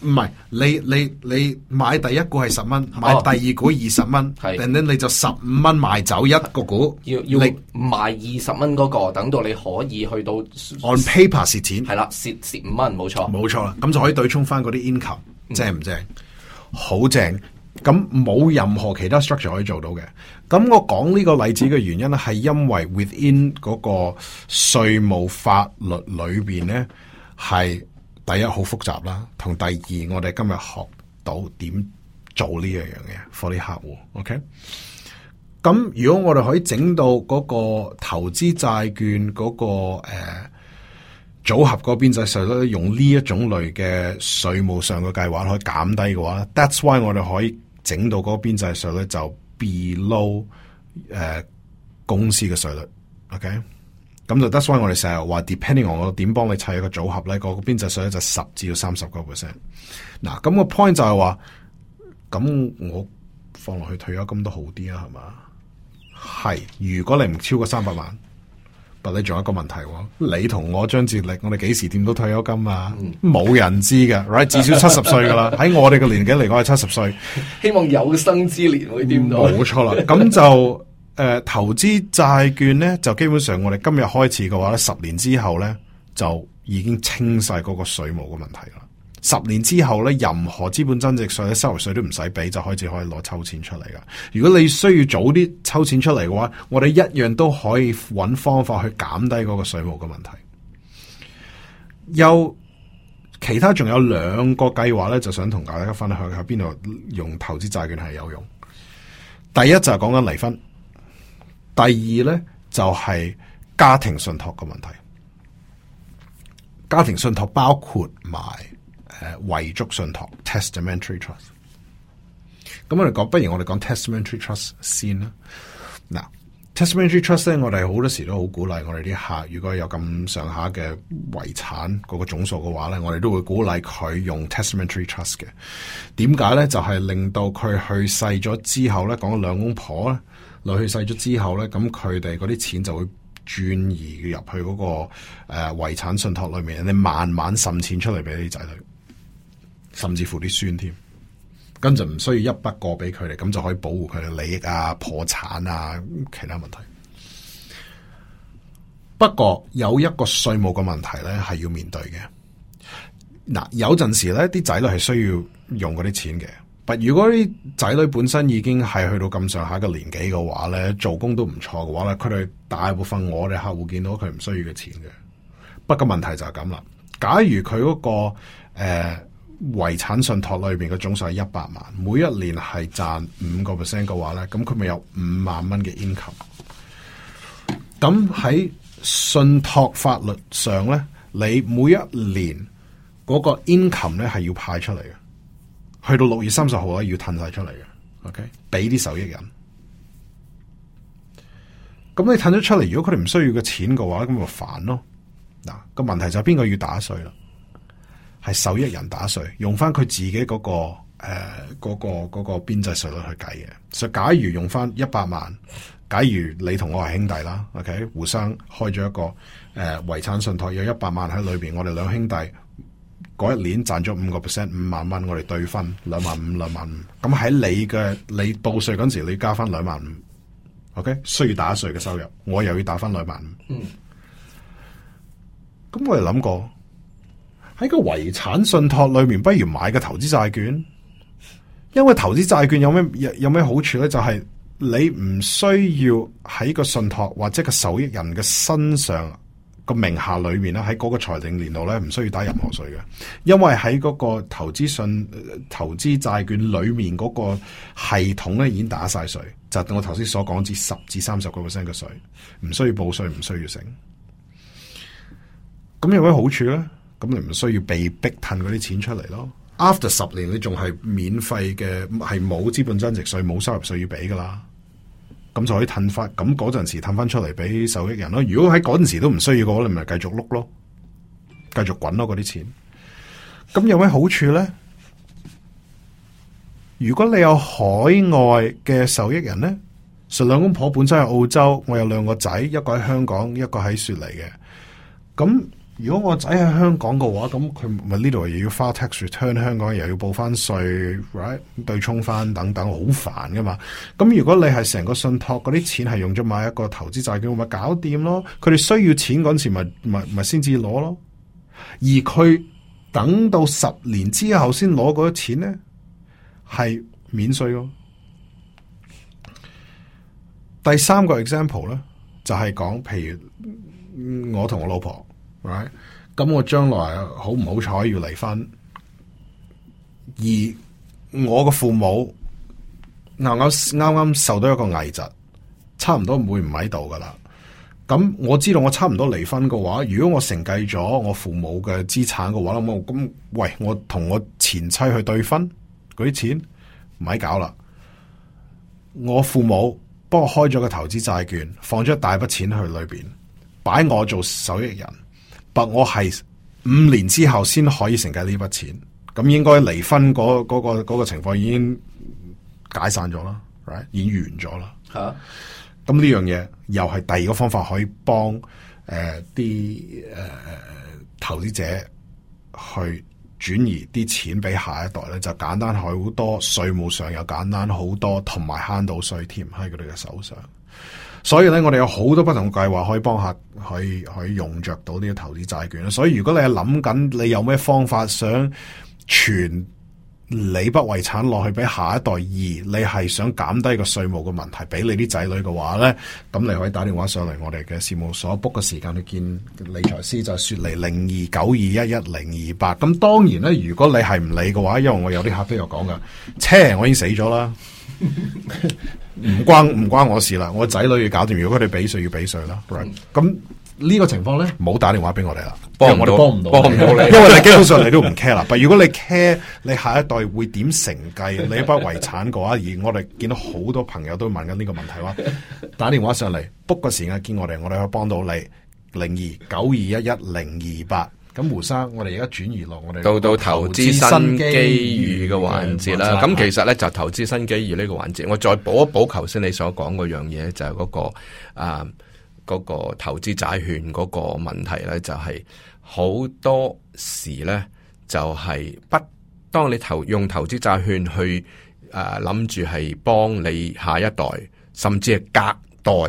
唔係你你你買第一股係十蚊，買第二股二十蚊，係，然後你就十五蚊賣走一個股，要要你賣二十蚊嗰個，等到你可以去到 on paper 蝕錢，係啦，蝕蝕五蚊，冇錯，冇錯啦，咁就可以對沖翻嗰啲 income，正唔正？好正。咁冇任何其他 structure 可以做到嘅。咁我講呢個例子嘅原因咧，係因為 within 嗰個稅務法律裏邊咧，係第一好複雜啦，同第二我哋今日學到點做呢樣樣嘢 for 啲客戶。OK。咁如果我哋可以整到嗰個投資債券嗰、嗰個誒、啊、組合嗰邊，就使、是、得用呢一種類嘅稅務上嘅計劃可以減低嘅話 that's why 我哋可以。整到嗰個邊際稅咧就 below 誒、uh, 公司嘅稅率，OK，咁就 that's why 我哋成日話，depending on 我點幫你砌一個組合咧，嗰、那個邊際稅咧就十至到三十個 percent。嗱，咁、那個 point 就係話，咁我放落去退休金都好啲啊，係嘛？係，如果你唔超過三百萬。你仲有一個問題喎，你同我張接力，我哋幾時掂到退休金啊？冇、嗯、人知嘅、Right? 至少七十歲噶啦，喺 我哋嘅年紀嚟講係七十歲，希望有生之年會掂到。冇錯啦，咁就誒、呃、投資債券咧，就基本上我哋今日開始嘅話咧，十年之後咧，就已經清晒嗰個稅務嘅問題啦。十年之後咧，任何資本增值稅咧、收入稅都唔使俾，就開始可以攞抽錢出嚟噶。如果你需要早啲抽錢出嚟嘅話，我哋一樣都可以揾方法去減低嗰個稅務嘅問題。又其他仲有兩個計劃咧，就想同大家分享下邊度用投資債券係有用。第一就係講緊離婚，第二咧就係、是、家庭信託嘅問題。家庭信託包括埋。誒，遺囑信託 （testamentary trust）。咁我哋講，不如我哋講 testamentary trust 先啦。嗱，testamentary trust 咧，我哋好多時都好鼓勵我哋啲客，如果有咁上下嘅遺產嗰個總數嘅話咧，我哋都會鼓勵佢用 testamentary trust 嘅。點解咧？就係令到佢去世咗之後咧，講咗兩公婆咧，落去世咗之後咧，咁佢哋嗰啲錢就會轉移入去嗰個誒遺產信託裏面，你慢慢滲錢出嚟俾你仔女。甚至乎啲孫添，跟住唔需要一筆過俾佢哋，咁就可以保護佢哋利益啊、破產啊、其他問題。不過有一個稅務嘅問題咧，係要面對嘅。嗱，有陣時咧，啲仔女係需要用嗰啲錢嘅。不，如果啲仔女本身已經係去到咁上下嘅年紀嘅話咧，做工都唔錯嘅話咧，佢哋大部分我哋客戶見到佢唔需要嘅錢嘅。不過問題就係咁啦，假如佢嗰、那個誒。呃遺產信託裏邊嘅總數係一百萬，每一年係賺五個 percent 嘅話咧，咁佢咪有五萬蚊嘅 income？咁喺信託法律上咧，你每一年嗰個 income 咧係要派出嚟嘅，去到六月三十號咧要褪晒出嚟嘅。OK，俾啲受益人。咁你褪咗出嚟，如果佢哋唔需要嘅錢嘅話，咁咪反咯。嗱，個問題就係邊個要打稅啦？係受益人打稅，用翻佢自己嗰、嗰個誒嗰、呃嗰個、嗰個邊際稅率去計嘅。所以假如用翻一百萬，假如你同我係兄弟啦，OK，互相開咗一個誒遺、呃、產信託，有一百萬喺裏邊，我哋兩兄弟嗰一年賺咗五個 percent 五萬蚊，我哋對分兩萬五兩萬五。咁喺你嘅你報稅嗰陣時，你，時你加翻兩萬五，OK，需要打稅嘅收入，我又要打翻兩萬五。嗯，咁我哋諗過。喺個遺產信託裏面，不如買個投資債券，因為投資債券有咩有咩好處呢？就係你唔需要喺個信託或者個受益人嘅身上個名下裏面咧，喺嗰個財政年度咧唔需要打任何稅嘅，因為喺嗰個投資信投資債券裏面嗰個系統咧已經打晒稅，就等我頭先所講至十至三十個 percent 嘅稅，唔需要報稅，唔需要成。咁有咩好處呢？咁你唔需要被逼褪嗰啲錢出嚟咯。After 十年，你仲係免費嘅，係冇資本增值稅、冇收入稅要俾噶啦。咁就可以褪翻，咁嗰陣時褪翻出嚟俾受益人咯。如果喺嗰陣時都唔需要嘅話，你咪繼續碌咯，繼續滾咯嗰啲錢。咁有咩好處咧？如果你有海外嘅受益人咧，純兩公婆本身係澳洲，我有兩個仔，一個喺香港，一個喺雪梨嘅，咁。如果我仔喺香港嘅話，咁佢咪呢度又要花 tax return，香港又要報翻稅，right 對沖翻等等，好煩噶嘛。咁如果你係成個信託嗰啲錢係用咗買一個投資債券，咪搞掂咯。佢哋需要錢嗰時，咪咪咪先至攞咯。而佢等到十年之後先攞嗰啲錢咧，係免稅咯。第三個 example 咧，就係講譬如我同我老婆。咁，right? 我將來好唔好彩要離婚，而我個父母啱啱啱啱受到一個危疾，差唔多會唔喺度噶啦。咁我知道我差唔多離婚嘅話，如果我承繼咗我父母嘅資產嘅話，咁喂，我同我前妻去對分，嗰啲錢，咪搞啦。我父母幫我開咗個投資債券，放咗一大筆錢去裏邊，擺我做受益人。白，我係五年之後先可以承繼呢筆錢，咁應該離婚嗰嗰、嗰個、嗰個嗰個情況已經解散咗啦，right? 已經完咗啦。吓，咁呢樣嘢又係第二個方法可以幫誒啲誒投資者去轉移啲錢俾下一代咧，就簡單好多，稅務上又簡單好多，同埋慳到稅添喺佢哋嘅手上。所以咧，我哋有好多不同嘅計劃可以幫客可以，可以可以用着到呢啲投資債券啦。所以如果你係諗緊，你有咩方法想傳你不遺產落去俾下一代二，你係想減低個稅務嘅問題，俾你啲仔女嘅話咧，咁你可以打電話上嚟我哋嘅事務所 book 個時間去見理財師，就係雪梨零二九二一一零二八。咁當然咧，如果你係唔理嘅話，因為我有啲客都有 i e n 講噶，車我已經死咗啦。唔關唔關我事啦，我仔女要搞掂，如果佢哋俾稅要俾稅啦。咁呢個情況咧，唔好打電話俾我哋啦，因為我哋幫唔到，幫唔到你。因為你基本上你都唔 care，但係如果你 care，你下一代會點承繼你一筆遺產嘅話，而我哋見到好多朋友都問緊呢個問題話，打電話上嚟 book 個時間見我哋，我哋可以幫到你零二九二一一零二八。咁胡生，我哋而家轉移落我哋到到投資新機遇嘅環節啦。咁的其實呢，就投資新機遇呢個環節，我再補一補頭先你所講嗰樣嘢，就係嗰個啊嗰個投資債券嗰個問題咧，就係好多時呢，就係不當你投用投資債券去啊諗住係幫你下一代，甚至係隔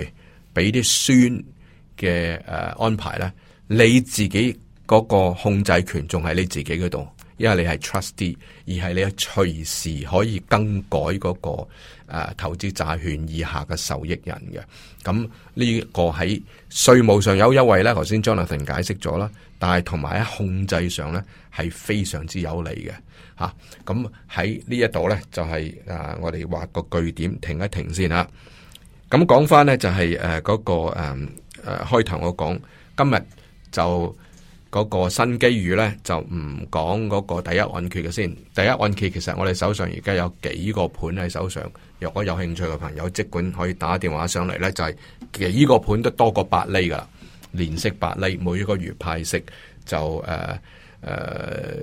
代俾啲孫嘅誒安排呢，你自己。嗰個控制權仲喺你自己嗰度，因為你係 trustee，而係你隨時可以更改嗰、那個、啊、投資債券以下嘅受益人嘅。咁、嗯、呢、這個喺稅務上有優惠咧，頭先 Jonathan 解釋咗啦。但係同埋喺控制上咧係非常之有利嘅嚇。咁、啊、喺、嗯、呢一度咧就係、是、誒、啊、我哋劃個句點停一停先嚇。咁、嗯、講翻咧就係誒嗰個誒誒、啊啊、開頭我講今日就。嗰個新機遇呢，就唔講嗰個第一按揭嘅先。第一按揭其實我哋手上而家有幾個盤喺手上。若果有興趣嘅朋友，即管可以打電話上嚟呢。就係，其實呢個盤都多過八厘噶，年息八厘。每一個月派息就誒誒、呃呃。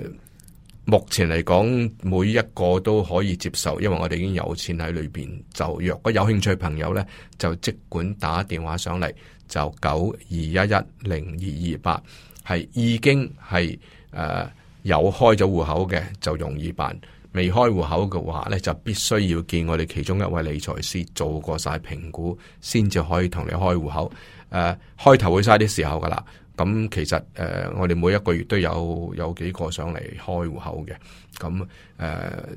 目前嚟講，每一個都可以接受，因為我哋已經有錢喺裏邊。就若果有興趣朋友呢，就即管打電話上嚟，就九二一一零二二八。係已經係誒、呃、有開咗戶口嘅就容易辦，未開戶口嘅話咧就必須要見我哋其中一位理財師做過晒評估，先至可以同你開戶口。誒、呃、開頭會嘥啲時候噶啦，咁、嗯、其實誒、呃、我哋每一個月都有有幾個想嚟開戶口嘅，咁、嗯、誒、呃、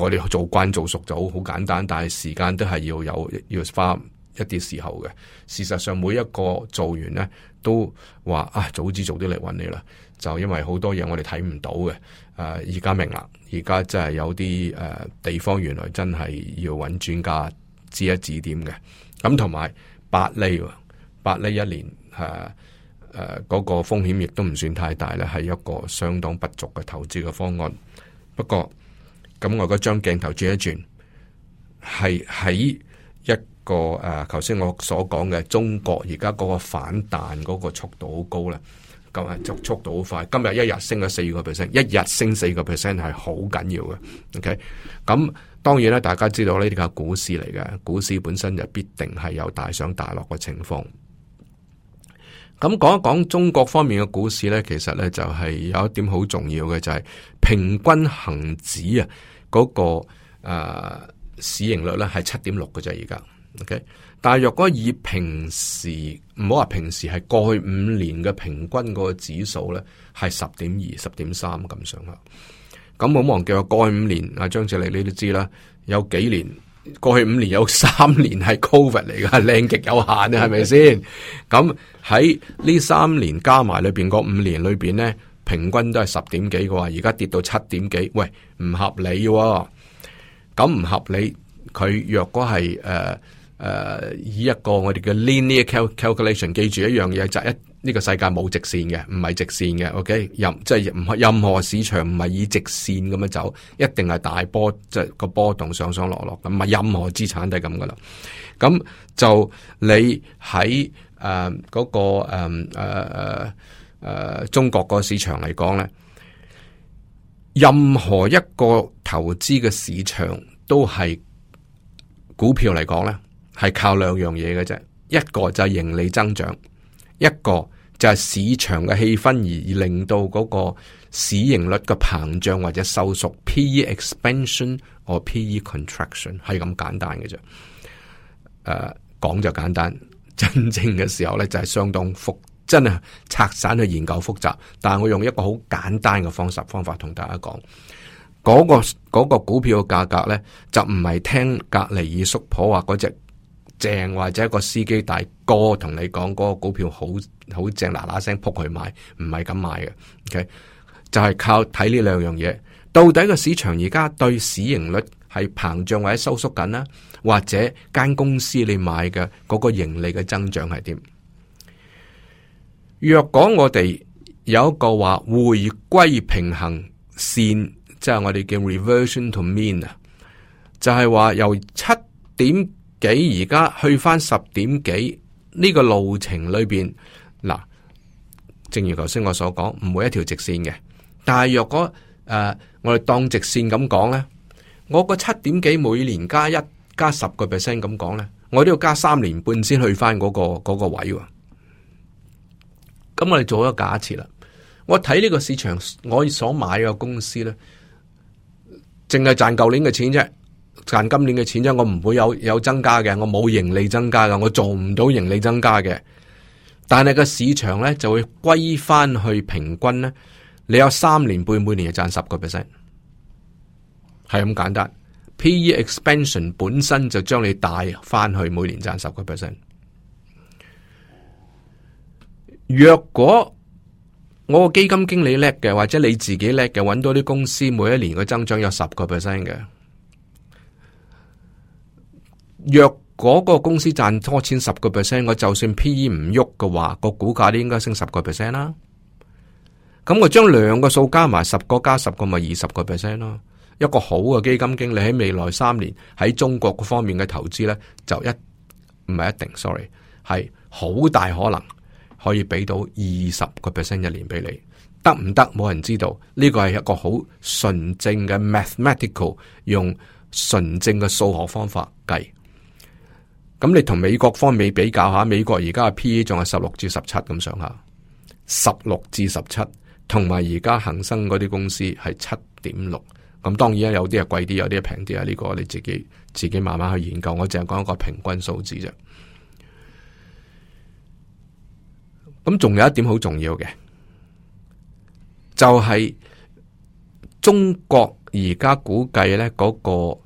我哋做慣做熟就好好簡單，但係時間都係要有要花一啲時候嘅。事實上每一個做完咧。都話啊，早知早啲嚟揾你啦！就因為好多嘢我哋睇唔到嘅，誒而家明啦，而家真係有啲誒、啊、地方，原來真係要揾專家指一指點嘅。咁同埋八厘，八厘一年誒誒，嗰、啊啊那個風險亦都唔算太大啦，係一個相當不俗嘅投資嘅方案。不過咁我將鏡頭轉一轉，係喺。個誒，頭、啊、先我所講嘅中國而家嗰個反彈嗰個速度好高啦，咁啊速速度好快，今日一日升咗四個 percent，一日升四個 percent 係好緊要嘅。OK，咁當然啦，大家知道呢啲係股市嚟嘅，股市本身就必定係有大上大落嘅情況。咁講一講中國方面嘅股市呢，其實呢就係、是、有一點好重要嘅，就係平均恒指、那個、啊嗰個誒市盈率呢係七點六嘅啫，而家。OK，但係若果以平時唔好話平時係過去五年嘅平均嗰個指數咧，係十點二、十點三咁上下。咁唔好忘記啊，過去五年啊，張志麗你都知啦，有幾年過去五年有三年係 Covid 嚟嘅，靚極有限啊，係咪先？咁喺呢三年加埋裏邊嗰五年裏邊咧，平均都係十點幾嘅話，而家跌到七點幾，喂，唔合理嘅、哦。咁唔合理，佢若果係誒。呃誒，uh, 以一個我哋叫 linear calculation 記住一樣嘢，就係、一呢、呢個世界冇直線嘅，唔係直線嘅。OK，任即係唔係任何市場唔係以直線咁樣走，一定係大波即係、就係、個波動上上落落咁，唔任何資產都係咁噶啦。咁就你喺誒嗰個誒誒誒，中國個市場嚟講咧，任何一個投資嘅市場都係股票嚟講咧。係靠兩樣嘢嘅啫，一個就係盈利增長，一個就係市場嘅氣氛而令到嗰個市盈率嘅膨脹或者收縮。P E expansion or P E contraction 係咁簡單嘅啫。誒、呃，講就簡單，真正嘅時候呢就係、是、相當複，真係拆散去研究複雜。但係我用一個好簡單嘅方式方法同大家講，嗰、那個、那個股票嘅價格呢，就唔係聽隔籬二叔婆話嗰隻。正或者一個司機大哥同你講嗰個股票好好正，嗱嗱聲扑佢買，唔係咁買嘅。OK，就係靠睇呢兩樣嘢，到底個市場而家對市盈率係膨脹或者收縮緊啦，或者間公司你買嘅嗰個盈利嘅增長係點？若果我哋有一個話回歸平衡線，即係我哋叫 reversion to mean 啊，就係話由七點。幾而家去翻十點幾呢個路程裏邊嗱，正如頭先我所講，唔會一條直線嘅。但係若果誒、呃，我哋當直線咁講咧，我個七點幾每年加一加十個 percent 咁講咧，我都要加三年半先去翻嗰個嗰嗰個位喎。咁我哋做咗個假設啦，我睇呢個市場，我所買嘅公司咧，淨係賺舊年嘅錢啫。賺今年嘅錢，因為我唔會有有增加嘅，我冇盈利增加嘅，我做唔到盈利增加嘅。但係個市場咧就會歸翻去平均咧。你有三年半，每年就賺十個 percent，係咁簡單。P E expansion 本身就將你帶翻去，每年賺十個 percent。若果我個基金經理叻嘅，或者你自己叻嘅，搵到啲公司，每一年嘅增長有十個 percent 嘅。若嗰個公司賺多錢十個 percent，我就算 PE 唔喐嘅話，個股價都應該升十個 percent 啦。咁我將兩個數加埋十個加十個，咪二十個 percent 咯。一個好嘅基金經理喺未來三年喺中國嗰方面嘅投資呢，就一唔係一定，sorry，係好大可能可以俾到二十個 percent 一年俾你。得唔得？冇人知道。呢個係一個好純正嘅 mathematical，用純正嘅數學方法計。咁你同美國方面比較下，美國而家嘅 PE 仲係十六至十七咁上下，十六至十七，同埋而家恒生嗰啲公司係七點六。咁當然啦，有啲係貴啲，有啲係平啲啊。呢個你自己自己慢慢去研究。我淨係講一個平均數字啫。咁仲有一點好重要嘅，就係中國而家估計咧嗰個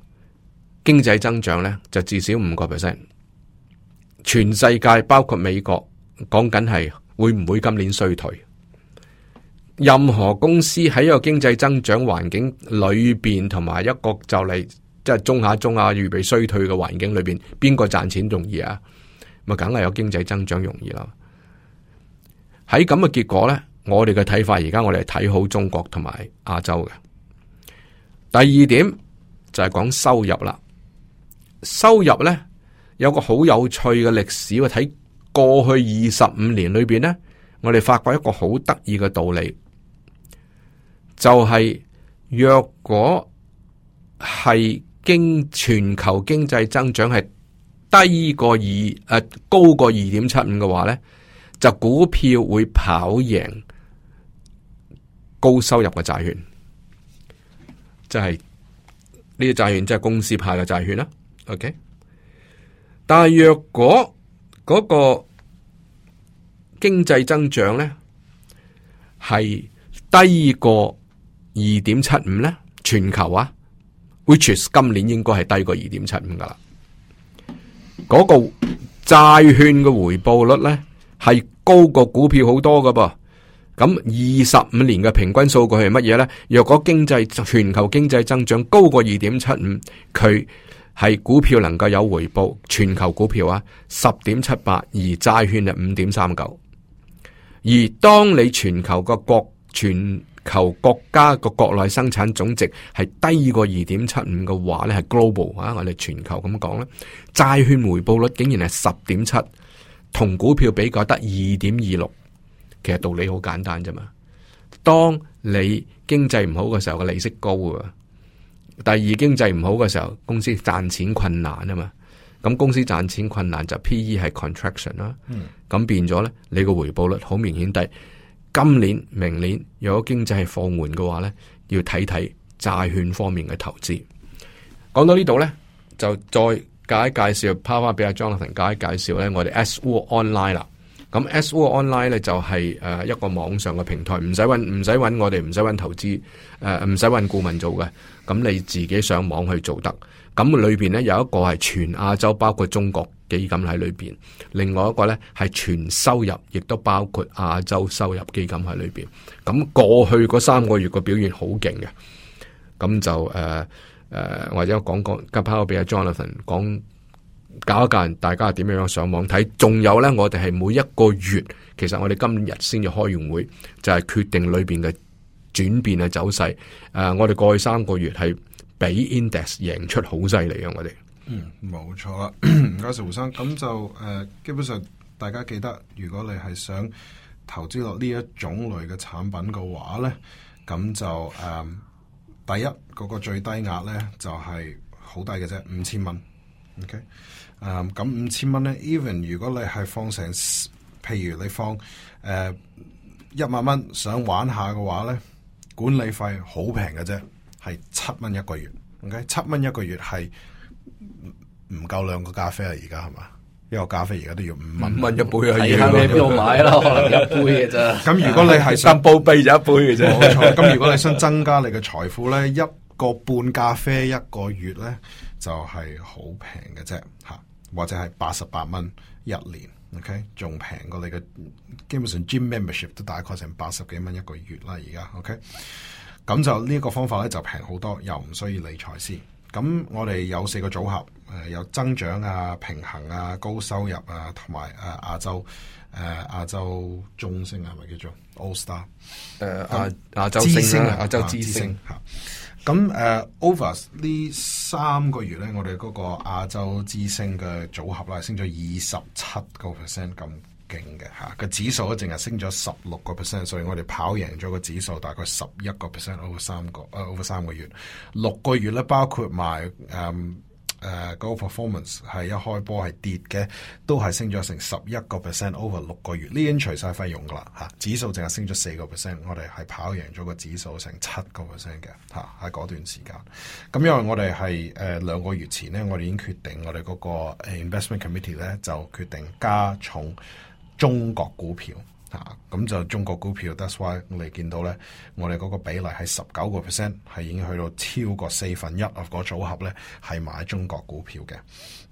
經濟增長咧，就至少五個 percent。全世界包括美國，講緊係會唔會今年衰退？任何公司喺一個經濟增長環境裏邊，同埋一個就嚟即係中下中下預備衰退嘅環境裏邊，邊個賺錢容易啊？咁啊，梗係有經濟增長容易啦。喺咁嘅結果呢，我哋嘅睇法，而家我哋係睇好中國同埋亞洲嘅。第二點就係講收入啦，收入呢。有個好有趣嘅歷史，我睇過去二十五年裏邊呢，我哋發覺一個好得意嘅道理，就係、是、若果係經全球經濟增長係低過二誒高過二點七五嘅話呢，就股票會跑贏高收入嘅債券，即係呢啲債券即係公司派嘅債券啦。OK。但係若果嗰個經濟增長咧係低過二點七五咧，全球啊，which is 今年應該係低過二點七五噶啦。嗰個債券嘅回報率咧係高過股票好多噶噃。咁二十五年嘅平均數據係乜嘢咧？若果經濟全球經濟增長高過二點七五，佢係股票能夠有回報，全球股票啊十點七八，78，而債券啊五點三九。而當你全球個國全球國家個國內生產總值係低過二點七五嘅話咧，係 global 啊，我哋全球咁講咧，債券回報率竟然係十點七，同股票比較得二點二六。其實道理好簡單啫嘛，當你經濟唔好嘅時候，嘅利息高啊。第二，經濟唔好嘅時候，公司賺錢困難啊嘛，咁公司賺錢困難就 P E 係 contraction 啦，咁、嗯、變咗咧，你個回報率好明顯低。今年、明年如果經濟係放緩嘅話咧，要睇睇債券方面嘅投資。講到呢度咧，就再介介紹，拋翻俾阿 Jonathan 介介紹咧，我哋 S O Online 啦。咁 S O Online 咧就係誒一個網上嘅平台，唔使搵唔使搵我哋，唔使搵投資誒，唔使搵顧問做嘅。咁你自己上網去做得，咁裏邊呢，有一個係全亞洲包括中國基金喺裏邊，另外一個呢，係全收入，亦都包括亞洲收入基金喺裏邊。咁過去嗰三個月個表現好勁嘅，咁就誒誒、呃呃、或者我講講，交拋俾阿 Jonathan 講教一教大家點樣上網睇。仲有呢，我哋係每一個月，其實我哋今日先至開完會，就係、是、決定裏邊嘅。轉變嘅走勢，誒、呃，我哋過去三個月係比 index 贏出好犀利嘅，我哋，嗯，冇錯啦。唔該，胡 生，咁就誒、呃，基本上大家記得，如果你係想投資落呢一種類嘅產品嘅話咧，咁就誒、呃，第一嗰、那個最低額咧就係、是、好低嘅啫，五千蚊。ok，誒、呃，咁五千蚊咧，even 如果你係放成，譬如你放誒一萬蚊，呃、1，想玩下嘅話咧。管理費好平嘅啫，係七蚊一個月，咁、okay？解七蚊一個月係唔唔夠兩個咖啡啊？而家係嘛，一個咖啡而家都要五蚊，五蚊一杯啊，要喺邊度買咯？可能一杯嘅啫，咁 如果你係三煲杯就一杯嘅啫，咁如果你想增加你嘅財富咧， 一個半咖啡一個月咧就係好平嘅啫，吓或者係八十八蚊一年。OK，仲平過你嘅，基本上 Gym membership 都大概成八十幾蚊一個月啦，而家 OK，咁就呢一個方法咧就平好多，又唔需要理財先。咁我哋有四個組合，誒、呃、有增長啊、平衡啊、高收入啊，同埋誒亞洲誒亞、呃、洲中星係咪叫做 All Star？誒啊亞洲之星亞洲之星吓。咁誒 over 呢三個月咧，我哋嗰個亞洲之星嘅組合啦，升咗二十七個 percent 咁勁嘅嚇，指個指數咧淨係升咗十六個 percent，所以我哋跑贏咗個指數大概十一個 percent、uh, over 三個誒 over 三個月，六個月咧包括埋誒。Um, 誒個、uh, performance 係一開波係跌嘅，都係升咗成十一個 percent over 六個月，呢已經除晒費用噶啦嚇，指數淨係升咗四個 percent，我哋係跑贏咗個指數成七個 percent 嘅嚇，喺嗰、啊、段時間。咁、嗯、因為我哋係誒兩個月前咧，我哋已經決定我哋嗰、嗰個、uh, investment committee 咧就決定加重中國股票。啊，咁就中國股票，that's why 我哋見到咧，我哋嗰個比例係十九個 percent 係已經去到超過四分一啊！個組合咧係買中國股票嘅，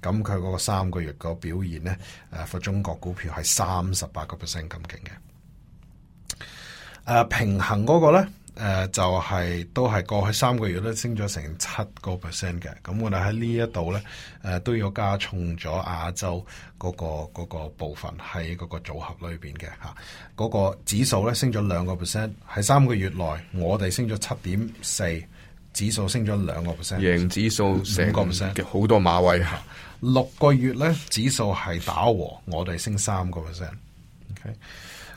咁佢嗰個三個月個表現咧誒，for 中國股票係三十八個 percent 咁勁嘅，誒、啊、平衡嗰個咧。誒、呃，就係、是、都係過去三個月咧升咗成七個 percent 嘅，咁我哋喺呢一度咧，誒、呃、都要加重咗亞洲嗰、那個、那個部分喺嗰個組合裏邊嘅吓，嗰、啊那個指數咧升咗兩個 percent，喺三個月內我哋升咗七點四，指數升咗兩個 percent，贏指數成個 percent，好多馬位吓，六、啊、個月咧指數係打和，我哋升三個 percent，OK。Okay.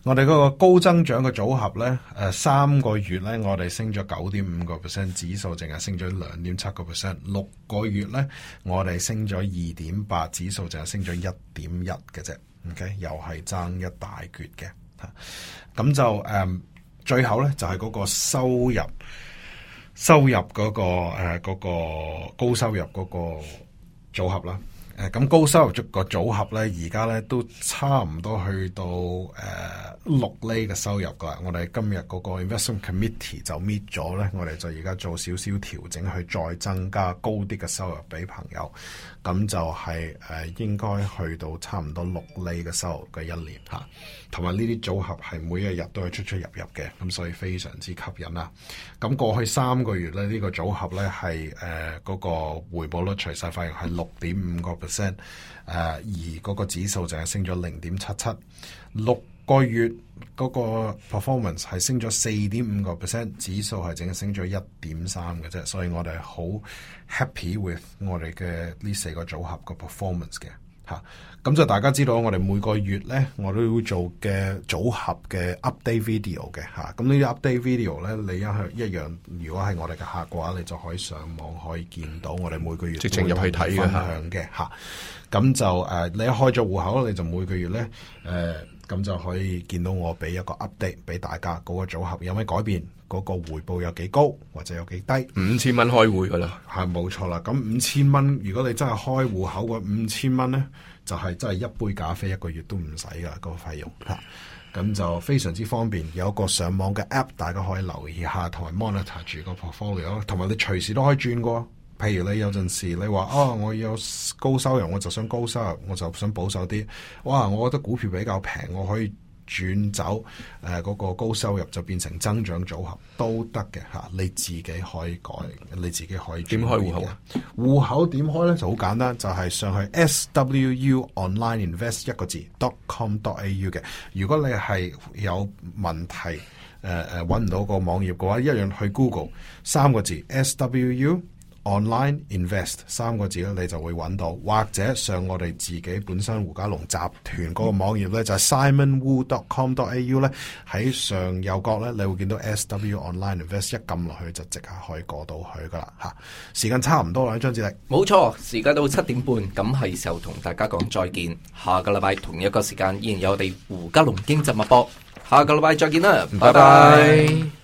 我哋嗰個高增長嘅組合咧，誒、呃、三個月咧，我哋升咗九點五個 percent，指數淨係升咗兩點七個 percent。六個月咧，我哋升咗二點八，指數淨係升咗一點一嘅啫。OK，又係爭一大橛嘅吓。咁就誒，最後咧就係、係、嗰個收入，收入嗰、嗰個誒、呃嗰個高收入嗰個組合啦。誒，咁高收入個組合咧，而家咧都差唔多去到誒六厘嘅收入噶啦。我哋今日嗰個 investment committee 就搣咗咧，我哋就而家做少少調整，去再增加高啲嘅收入俾朋友。咁就係、是、誒、呃、應該去到差唔多六厘嘅收入嘅一年嚇，同埋呢啲組合係每一日都係出出入入嘅，咁所以非常之吸引啦、啊。咁過去三個月咧，呢、這個組合咧係誒嗰個回報率除晒費係六點五個 percent，誒而嗰個指數就係升咗零點七七六。個月嗰個 performance 係升咗四點五個 percent，指數係淨係升咗一點三嘅啫，所以我哋好 happy with 我哋嘅呢四個組合嘅 performance 嘅吓。咁、啊、就大家知道，我哋每個月咧，我都要做嘅組合嘅 update video 嘅吓。咁、啊、呢啲 update video 咧，你一向一樣，如果係我哋嘅客嘅話，你就可以上網可以見到我哋每個月直情入去睇嘅吓。咁、啊、就誒，uh, 你一開咗戶口，你就每個月咧誒。Uh, 咁就可以見到我俾一個 update 俾大家嗰、那個組合有咩改變，嗰、那個回報有幾高或者有幾低。五千蚊開會噶啦，係冇錯啦。咁五千蚊如果你真係開戶口個五千蚊咧，就係、是、真係一杯咖啡一個月都唔使噶個費用嚇。咁就非常之方便，有一個上網嘅 app，大家可以留意下，同埋 monitor 住個 portfolio，同埋你隨時都可以轉過。譬如你有陣時你，你話啊，我有高收入，我就想高收入，我就想保守啲。哇，我覺得股票比較平，我可以轉走誒嗰、呃那個高收入就變成增長組合都得嘅嚇，你自己可以改，你自己可以點開戶口？戶口點開咧就好簡單，就係、是、上去 S W U Online Invest 一個字 dot com dot au 嘅。如果你係有問題誒誒搵唔到個網頁嘅話，一樣去 Google 三個字 S W U。Online invest 三個字咧，你就會揾到，或者上我哋自己本身胡嘉龍集團嗰個網頁咧，就係、是、simonwu.com.au o 咧喺上右角咧，你會見到 sw online invest 一撳落去就即刻可以過到去噶啦嚇。時間差唔多啦，張志力，冇錯，時間到七點半，咁係時候同大家講再見。下個禮拜同一個時間，依然有我哋胡嘉龍經濟脈搏。下個禮拜再見啦，拜拜。